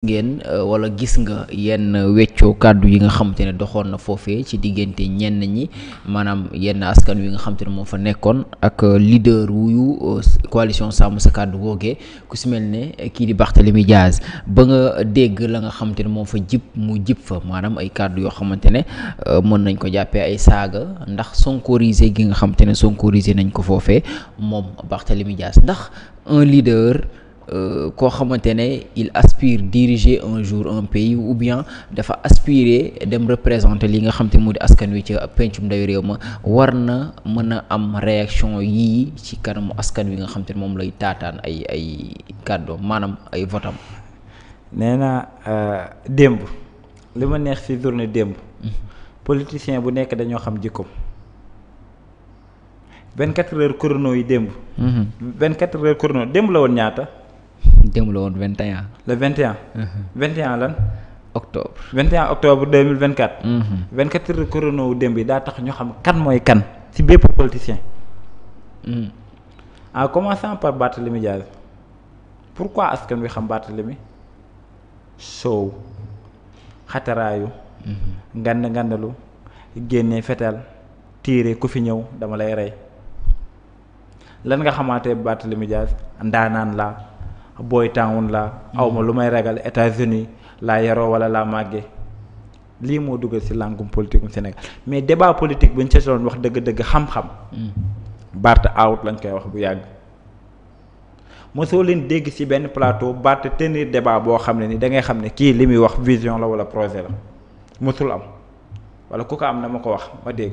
ngeen euh, wala gis nga yenn weccoo kàddu yi nga xamante ne doxoon na foofee ci diggante ñenn ñi maanaam yenn askan wi nga xamante ne moom fa nekkoon ak euh, leader wuyu euh, coalition sàmm sa kàddu googee ku si mel ne kii di Barthélemy Diaz ba nga dégg la nga xamante ne moom fa jib mu jib fa maanaam ay kàddu yoo xamante ne mën nañ ko jàppee ay saaga ndax sonkorisé gi nga xamante ne sonkorisé nañ ko foofee moom Barthélemy Diaz ndax un leader Euh, koo xamante ne il aspire diriger un jour un pays ou bien dafa aspirer dem représenter li nga xam te moo di askan wi ca pencum ndawi réew ma war na mën a am réaction yii ci kanamu askan wi nga xam te ne moom lay taataan ay ay kàddoom maanaam ay votam nee na euh, démb li ma neex ci journée démb mhm. politicien bu nekk dañoo xam jikkoom vingt quatre heures chrono yi démb mhm. vingt quatre heures chrono démb la woon ñaata démb la woon 21. le 21. 21 uh-huh. lan. octobre 21 octobre 2024. 24 uh-huh. heures chrono wu démb yi daa tax ñu xam kan mooy kan ci bépp politicien. Mm. en commençant par Barthélémy Diaz pourquoi askan wi xam Barthélémy soow xataraayu. Mm-hmm. ngand ngandalu génne fetal tiire ku fi ñëw dama lay rey lan nga xamaatee Barthélémy Diaz ndaanaan laa. booy taawun la awma mm. lu may ragal États-Unis laa yaroo wala laa màggee lii moo duggal ci làngum politique mu Sénégal mais débat politique bu ñu ci doon wax dëgg-dëgg xam-xam mm. Barth out lañ koy wax bu yàgg mosoo leen dégg ci benn plateau Barth tenir débat boo xam ne ni da ngay xam ne kii li muy wax vision la wala projet la mosul am wala ku ko am na ma ko wax ma dégg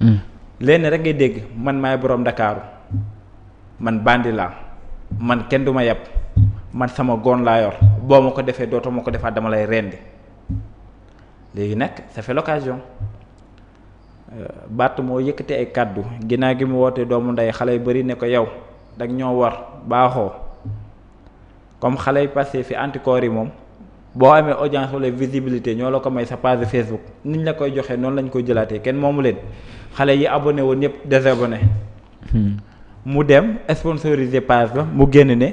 mm. lenn rek ngay dégg man maay boroom Ndakaaru man bandi man kenn du ma yàpp man sama goon laa yor boo ma ko defee dootoo ma ko defaat dama lay rendi léegi nag ça fait l'occasion euh, Batt moo te ay kàddu ginnaaw gi mu wootee doomu ndey xale yu bari ne ko yow dag ñoo war baaxoo comme xale yi passé fi anticorps yi moom boo amee audience wala visibilité ñoo la ko may sa page Facebook niñ la koy joxee noonu lañ koy jëlaatee kenn moomu leen xale yi abonné woon ñëpp désabonné hmm. mu dem sponsorisé page ba mu génn ne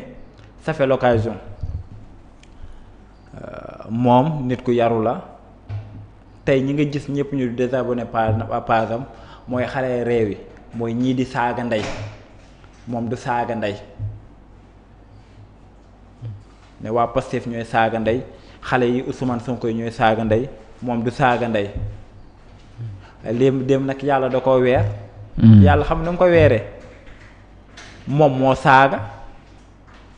ça fait l'occasion euh, moom nit ku yaru la tey ñi nga gis ñëpp ñu désabonné page page am mooy xale réew yi mooy ñii di saaga ndey moom du saaga ndey ne waa Pastef ñooy saaga ndey xale yi Ousmane Sonko yi ñooy saaga ndey moom du saaga ndey léem mm. dem nag yàlla da koo weer mm. yàlla xam na mu ko weeree moom moo saaga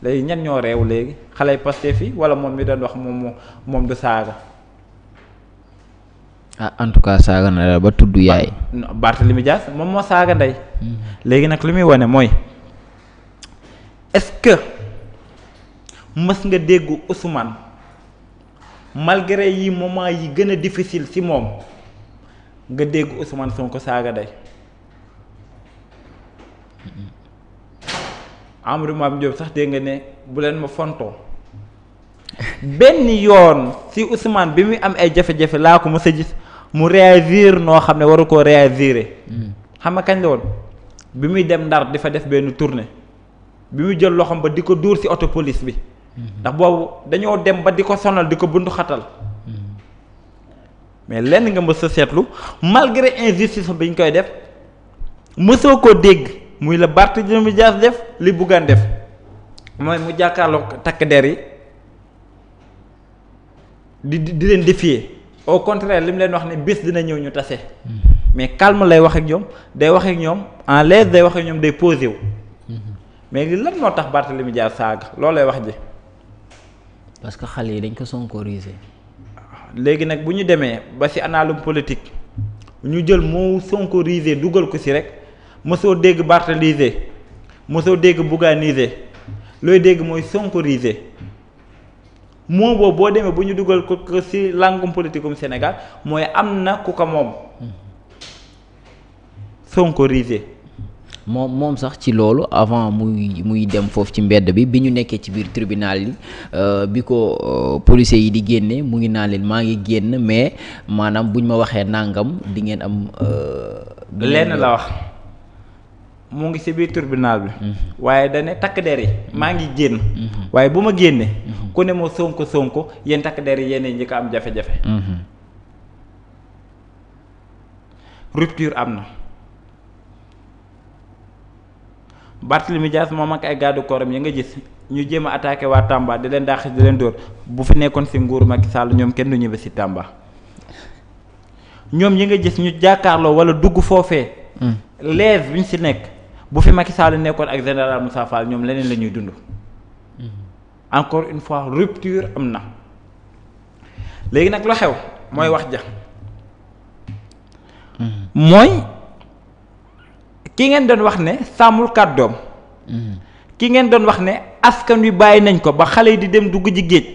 léegi ñan ñoo réew léegi xale yi Pastef yi wala moom mi doon wax moom moom du saaga. a ah, en tout cas saaga na la ba tudd yaay. Barthélemy Dias moom moo saaga ndey. Mm-hmm. léegi nag li muy wane mooy est-ce que mës nga dégg Ousmane malgré yi moment yi gën a difficile ci moom nga dégg Ousmane Sonko saaga ndey. Mm-hmm. Amadou Mame Diop sax dégg nga ne buleen ma fontoo benn yoon si Ousmane bi muy am ay jafe-jafe laa ko mës a gis mu réagir noo xam ne waru koo réagir hmm. xam nga kañ la bi muy dem Ndar di fa def benn tournée bi muy jël loxoom ba di ko duur si oto police bi hmm. ndax boobu dañoo dem ba di ko sonal di ko bundu xatal hmm. mais lenn nga mës a seetlu malgré injustice biñ koy def mësoo ko dégg. muy la Barthélémy Dias def li Bougane def mooy mu jàkkaarloog takk der yi di di leen défier au contraire li mu leen wax ne bés dina ñëw ñu tase mm-hmm. mais calme lay wax ak ñoom day wax ñoom en l'aise day wax ñoom day posé wu mm-hmm. mais li lan moo tax Barthélémy Dias saaga loolu lay wax ji. parce que xale yi dañ ko sonkorisé. léegi nag bu ñu demee ba ci analum politique ñu jël moo sonkorisé dugal ko ci rek. mosoo dégg bartalisé mosoo dégg buganisé looy dégg mooy sonkorisé moo boobu boo demee bu ñu dugal ko ci langum politikum Sénégal mooy am na ku ko moom sonkorisé moom moom sax ci loolu avant muy muy dem foofu ci mbedd bi bi ñu nekkee ci biir tribunal yi euh, bi ko euh, policiers yi di génnee mu ngi naa leen maa ngi génn mais maanaam bu ñu ma waxee nàngam di ngeen am euh, lenn la wax mu ngi ci biir tribunal bi. Mhm. waaye da ne takk der yi mhm. maa ngi génn. Mhm. waaye bu ma génnee. ku ne ma sonko sonko yéen takk der yi yéen ñi ko am jafe-jafe. rupture am na. Barthélemy Dias moom ak ay garde corps am yi nga gis ñu jéem a attaqué waa Tamba di leen dàq di leen dóor bu fi nekkoon ci nguuru Macky Sall ñoom kenn du ñëwee ci Tamba. ñoom yi nga gis ñu jàkkaarloo walla dugg foofee. Mm. lees bi ñu ci nekk. bu fi Macky Sall nekkoon ak général Moussa Fall ñoom leneen la ñuy dund mm-hmm. encore une fois rupture am na léegi nag lu xew mooy wax ja mm-hmm. mooy ki ngeen doon wax ne sàmmul kàddoom mm-hmm. ki ngeen doon wax ne askan wi bàyyi nañ ko ba xale yi di dem dugg ji géej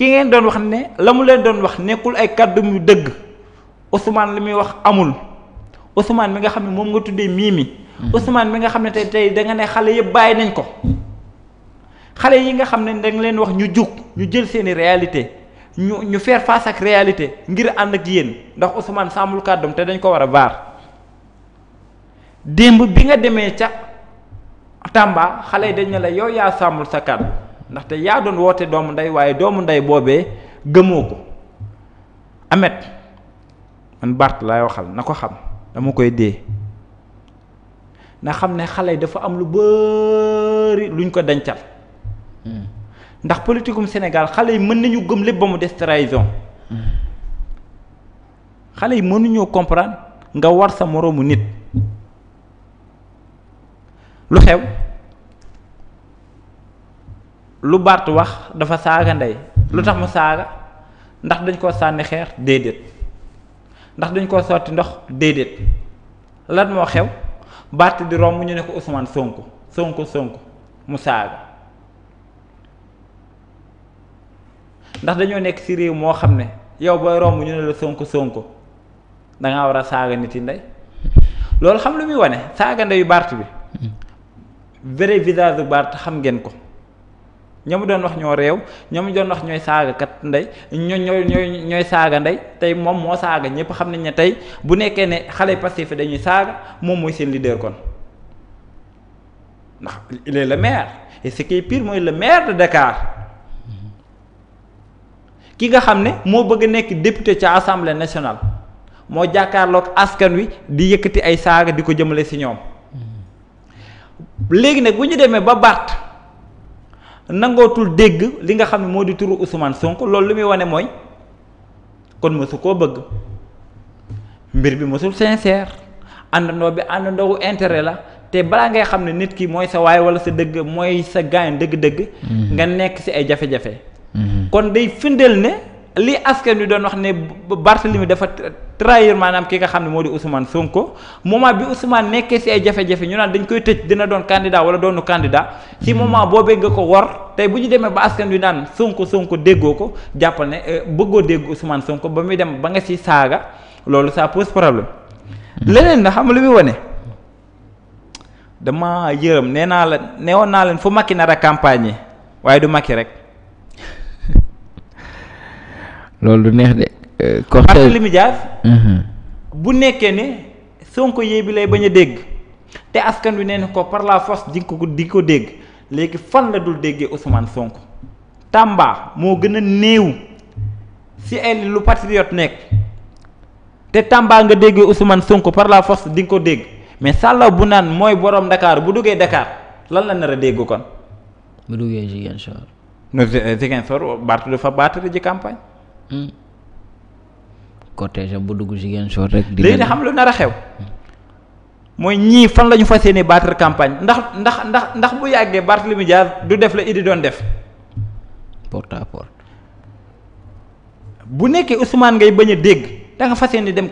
ki ngeen doon wax ne la mu leen doon wax nekkul ay kàddu yu dëgg Ousmane la muy wax amul Ousmane mi nga xam ne moom nga tuddee mii mi Mm-hmm. Ousmane bi nga xam ne tey tey da ne xale yëpp bàyyi nañ ko xale yi nga xam ne da leen wax ñu jug ñu jël seeni réalité ñu ñu faire face ak réalité ngir ànd ak yéen ndax Ousmane sàmmul kàddoom te dañ ko war a baar démb bi nga demee ca Tamba xale yi dañ ne la yow yaa sàmmul sa kàddu ndaxte yaa doon woote doomu ndey waaye doomu ndey boobee gëmoo ko Amet man Bart laay waxal na ko xam dama koy dee. na xam ne xale yi dafa am lu bëri luñ ko dencal hmm. ndax politikum Sénégal xale yi mën nañu gëm lépp ba mu des trahison hmm. xale yi mënuñoo comprendre nga war sa moroomu nit lu xew lu Bart wax dafa saaga ndey lu tax mu saaga ndax dañ koo sànni xeer déedéet ndax dañ koo sotti ndox déedéet lan moo xew Barth di romb ñu ne ko Ousmane Sonko Sonko Sonko mu saaga ndax dañoo nekk ci réew moo xam ne yow booy romb ñu ne la Sonko Sonko da war a saaga nit yi ndey loolu xam lu muy wane saaga ndeyu Barth bi hmm. vrai visage bu Barth xam ngeen ko. ña mu doon wax ñoo réew ña mu doon wax ñooy saaga kat ndey ñoo ñooy ñooy saaga ndey tey moom moo saaga ñëpp xam nañ ne tey bu nekkee ne xale Pastef fi dañuy saaga moom mooy seen leader kon ndax il est le maire et ce qui est mooy le maire de Dakar ki nga xam ne moo bëgg a nekk député ca assemblée nationale moo jàkkaarlook askan wi di yëkkati ay saaga di ko jëmale si ñoom mm-hmm. léegi nag bu ñu demee ba Barth nangootul dégg li nga xam ne moo di turu Ousmane Sonko loolu lu muy wane mooy kon mësu koo bëgg mbir bi mësul sincère àndandoo bi àndandoo intérêt la te balaa ngay xam ne nit ki mooy sa waay wala sa dëgg mooy sa gaañ dëgg-dëgg. Mm-hmm. nga nekk ci ay jafe-jafe. Mm-hmm. kon day firndeel ne. li askan wi doon wax ne li muy dafa trahir maanaam ki nga xam ne moo di Ousmane Sonko moment bi Ousmane nekkee ci ay jafe-jafe ñu naan dañ koy tëj dina doon candidat wala doonu candidat ci hmm. moment boobee nga ko war tey bu ñu demee ba askan wi daan Sonko Sonko déggoo ko jàppal ne euh, bëggoo dégg Ousmane Sonko ba muy dem ba nga ci saaga loolu ça pose problème. Hmm. leneen na xam lu muy wane dama yërëm nee naa la ne woon naa leen fu Macky na a campagne waaye du Macky rek. loolu du neex de. Euh, cortège mhm. bu nekkee ne Sonko yee bi lay bañ a dégg te askan wi nee na ko par la force di ko di ko dégg léegi fan la dul déggee Ousmane Sonko Tamba moo gën a néew si ay lu patriote nekk te Tamba nga déggee Ousmane Sonko par la force di ko dégg mais sàlla bu naan mooy borom Dakar bu duggee Dakar lan la nar a dégg kon. bu duggee Ziguinchor. non Ziguinchor Barth dafa battre ji campagne. Hmm. cortège bu dugg Ziguinchor rek. di léegi xam lu nar a xew. mooy ñii fan la ñu fas yéene battre campagne ndax ndax ndax ndax bu yàggee Barthélemy Dias du def la di doon def. porte à porte. bu nekkee Ousmane ngay bañ a dégg da nga fas dem dem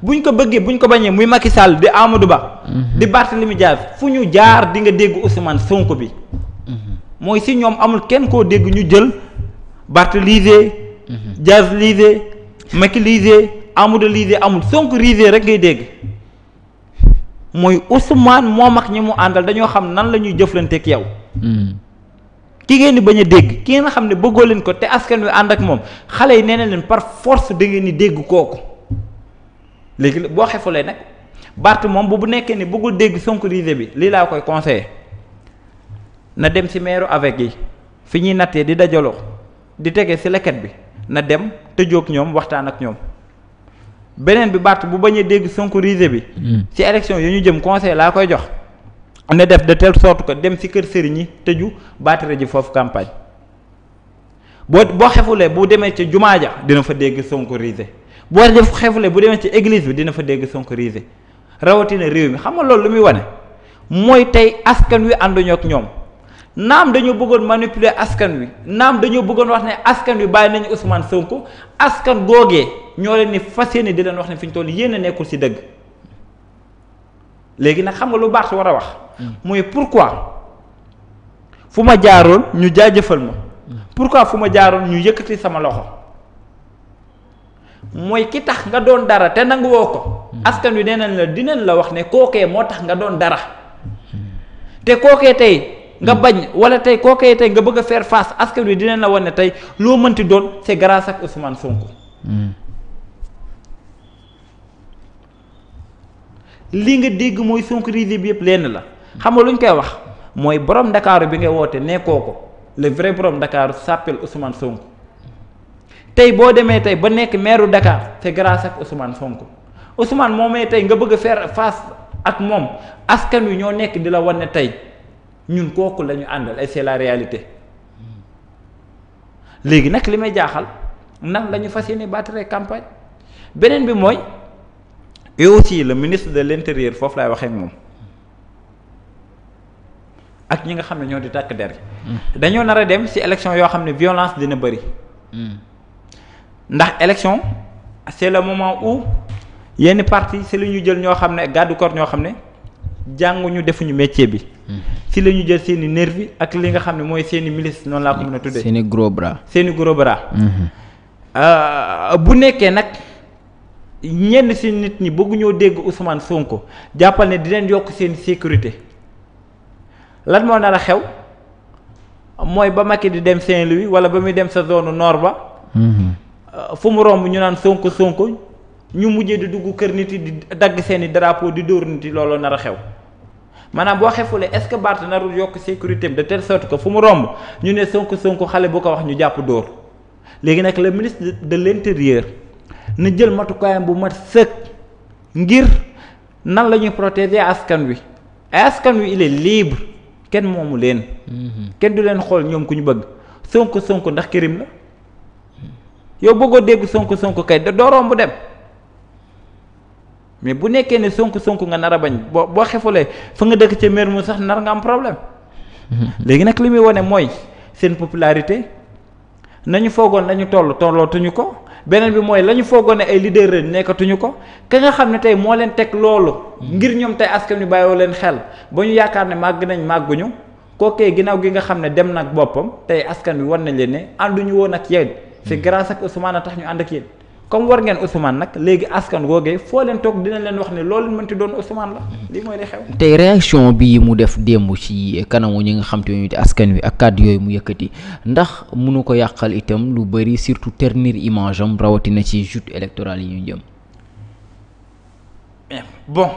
buñ ko bëggee buñ ko bañee muy Macky Sall di Amadou Ba. Mhm. di Barthélemy Dias fu ñu jaar di nga dégg Ousmane Sonko bi. Mhm. mooy si ñoom amul kenn koo dégg ñu jël Barthélisé. Dias mhm. lisé Macky lisé Amadou lisé amul Sonko lisé rek ngay dégg mooy Ousmane moom ak ñi mu àndal dañoo xam nan la ñuy jëflanteeg yow. Mhm. ki ngeen di bañ a dégg ki ngeen xam ne bëggoo leen ko te askan wi ànd ak moom xale yi nee na leen par force di ngeen di dégg kooku léegi boo xefulee nag Bart moom bu bu nekkee ne bëggul dégg Sonko lisé bi lii laa koy conseillé na dem si meeru avec yi fi ñuy nattee di dajaloo di tege si leket bi. na dem tëjoog ñoom waxtaan ak ñoom beneen bi baat bu bañ dégg Sonko bi. Hmm. ci élection yi ñu jëm conseil laa koy jox. ne def de telle sorte que dem ci kër sëriñ yi tëju baatare ji foofu campagne boo boo xefulee bu demee ci jumaa ja dina fa dégg Sonko boo def xefulee bu demee ci église bi dina fa dégg Sonko rawatina réew mi xam loolu lu muy wane mooy tey askan wi ànduñu ak ñoom. naam dañoo bëggoon manipuler askan wi naam dañoo bëggoon wax ne askan wi bàyyi nañu Ousmane Sonko askan googee ñoo leen ni fas yéene di leen wax ne fi ñu toll yéen a nekkul ci dëgg léegi nag xam nga lu baax war a wax. Mm. mooy pour pourquoi fu ma jaaroon ñu jaajëfal ma. Mm. pourquoi fu ma jaaroon ñu yëkkati sama loxo mooy ki tax nga doon dara te nangu ko. Mm. askan wi nee nañ la dinañ la wax ne kookee moo tax nga doon dara te kookee tey. nga hmm. bañ wala tey koo tey nga bëgg a faire askan wi dinañ la wan ne tey loo mënti doon c'est grâce ak Ousmane Sonko. Hmm. nga dégg mooy Sonko risé bi yëpp lenn la xam lu ñu koy wax mooy borom Dakar bi nga woote nekkoo ko le vrai borom Dakar s'appelle Ousmane tey boo demee tey ba nekk meeru ndakaar c'est grâce ak Ousmane Sonko Ousmane moomee tey nga bëgg a faire ak moom askan wi ñoo nekk di la wan ne tey. ñun kooku la ñu àndal ay c'est la réalité léegi nag li may jaaxal nan la ñu fas yéene battre campagne beneen bi mooy et aussi le ministre de l'intérieur foofu laay waxee moom ak ñi nga xam ne ñoo di tàkk der mm. dañoo nar a dem ci élection yoo xam ne violence dina bëri mm. ndax élection c'est le moment ou yenn parti c'est lu ñu jël ñoo xam ne garde corps ñoo xam ne jànguñu defuñu métier bi mm. ci la ñu jël seen i nervi ak li nga xam ne mooy seeni i milice noonu laa ko mën a tuddee. seeni i gros bras mhm. euh, bu nekkee nag ñenn si nit ñi bëgguñoo dégg Ousmane Sonko jàppal ne leen yokk seen sécurité lan moo nar a xew mooy ba Macky di dem Saint-Louis wala ba muy dem sa zone nord ba. Mhm. Euh, fu mu romb ñu naan Sonko Sonko ñu mujjee di dugg kër nit yi di dagg seen i drapeau di dóor nit yi looloo nar a xew. maanaam boo xefulee est-ce que Barth narul yokk sécurité de tele sot ko fu mu romb ñu ne sonk Sonko xale bu ko wax ñu jàpp dóor léegi nag la ministre de l'intérieur na jël matukaayam bu mat sëkk ngir nan lañuy ñuy askan wi askan wi ilee est libre kenn moomu leen. Mhm. kenn du leen xool ñoom ku ñu bëgg sonk Sonko ndax kërim la yow bëggoo dégg Sonko sonk kay da doo romb dem. mais bu nekkee ne sonk sonk nga nara bañ boo boo xefulee fu nga dëkk ca mer mu sax nar nga am problème léegi nag li muy wane mooy seen popularité nañu foogoon lañu toll tollootuñu ko beneen bi mooy la ñu foogoon ne ay leader nekkatuñu ko ka nga xam ne tey moo leen teg loolu hmm. ngir ñoom tey askan wi bàyyoo leen xel ba ñu yaakaar ne màgg nañ màgguñu kookee ginnaaw gi nga xam ne dem nag boppam tey askan wi war nañ leen ne ànduñu woon ak yéen c'est hmm. grâce ak Ousmane a tax ñu ànd ak yéen comme war ngeen Ousmane nag léegi askan googee foo leen toog dina leen wax ne loolu mënti doon Ousmane la mm. lii mooy li xew. tey réaction bi mu def démb ci kanamu ñi nga xam te ne askan wi ak kàddu yooyu mu yëkkati ndax mënu ko yàqal itam lu bari surtout ternir image am rawatina ci joute électorale yi ñu jëm. Eh, bon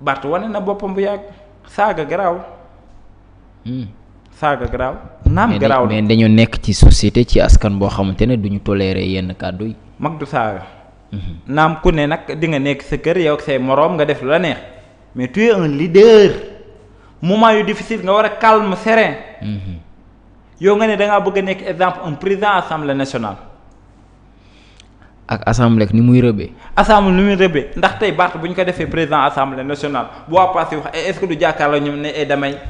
Barth wane na boppam bu yàgg saaga garaaw. Mm. saaga garaaw naam garaaw mais dañu nekk ci société ci askan boo xamante ne duñu toléré yenn kàddu yi. mag du saaga. Mhm. naam ku ne nag di nga nekk sa kër yow ak say moroom nga def lu la neex mais tu es un leader mu yu difficile nga war a calme serein. Mhm. yow nga ne da ngaa bëgg a nekk exemple un président assemblée national ak assemblée ni muy rëbbee. assemblée ni muy rëbbee ndax tey Barth bu ñu ko defee président assemblée nationale bu waa passé wax eh, est-ce du jàkkaarloo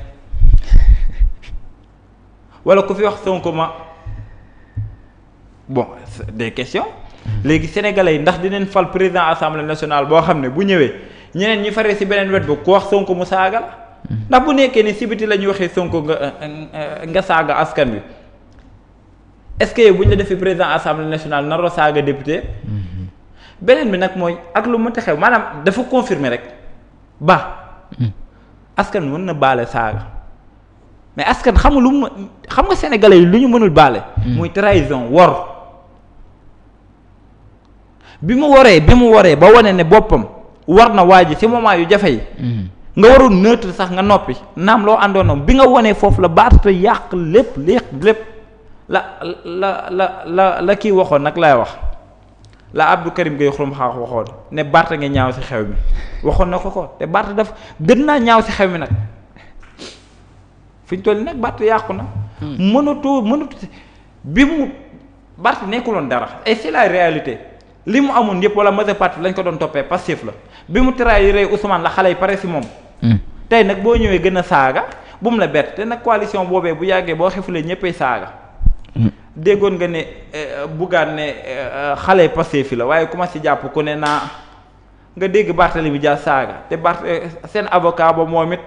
wala ku fi wax Sonko ma bon des question léegi sénégalais yi ndax di dinañ fal président assemblée nationale boo xam ne bu ñëwee ñeneen ñi faree si beneen wet bu ku wax Sonko mu saaga la ndax bu nekkee ni si biti la ñuy waxee Sonko nga nga saaga askan wi est-ce que bu ñu la defee président assemblée nationale naroo saaga député beneen bi nag mooy ak lu mat taxew maanaam dafa confirmer rek ba hmm. askan mën na baale saaga. mais askan xamul lu mu xam nga sénégalais lu ñu mënul baale. Hmm. muy trahison wor. bi mu waree bi mu waree ba wane ne boppam war na waa ji ci moment yu jafe yi. Hmm. nga warul neutre sax nga noppi naam loo àndoonoom bi nga wonee foofu la baatata yàq lépp lépp lépp la la la la la kii waxoon nag laay wax la Abdou Karim Gueye xurum xaax waxoon ne Barth nga ñaaw ci xew mi waxoon na ko ko te Barth daf gën naa ñaaw si xew mi nag. fi ñu toll nag Barth yàqu na. mënatoo mënatu bi mu Barth nekkuloon dara et c'est la réalité li mu amoon yëpp wala majeure partie lañ ko doon toppee passif la bi mu trahiré Ousmane la xale yi pare si moom. Hmm. tey nag boo ñëwee gën a saaga bu mu la bett te nag coalition boobee bu yàggee boo xefulee ñëppay saaga. Hmm. déggoon nga ne eh, Bougane ne eh, eh, xale yi passif la waaye commencé jàpp ku ne naa. nga dégg Barthélemy Dias saaga te Barth seen avocat ba moom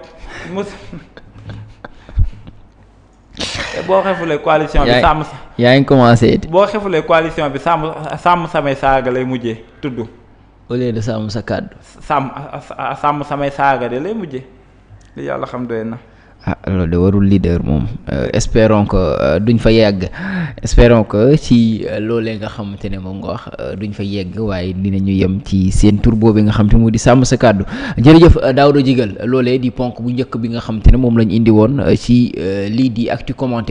Eh, boo xefulee coalition bi sàmm yaa ngi commencé boo xefulee coalition bi sàmm sàmm samay saaga lay mujjee tudd au lieu sàmm sa kàddu sàmm sàmm samay saaga de lay mujjee li yàlla xam doy na ah loolu de warul leader moom euh, espérons que euh, duñ fa yegg espérons que ci euh, loolee nga xamante ne moom nga wax duñ fa yegg waaye dinañu yem ci seen tur boobu nga xam te mu di sàmm sa kàddu jërëjëf Daouda Digal loolee di ponk bu njëkk bi nga xamante ne moom lañ indi woon ci lii di actu commenté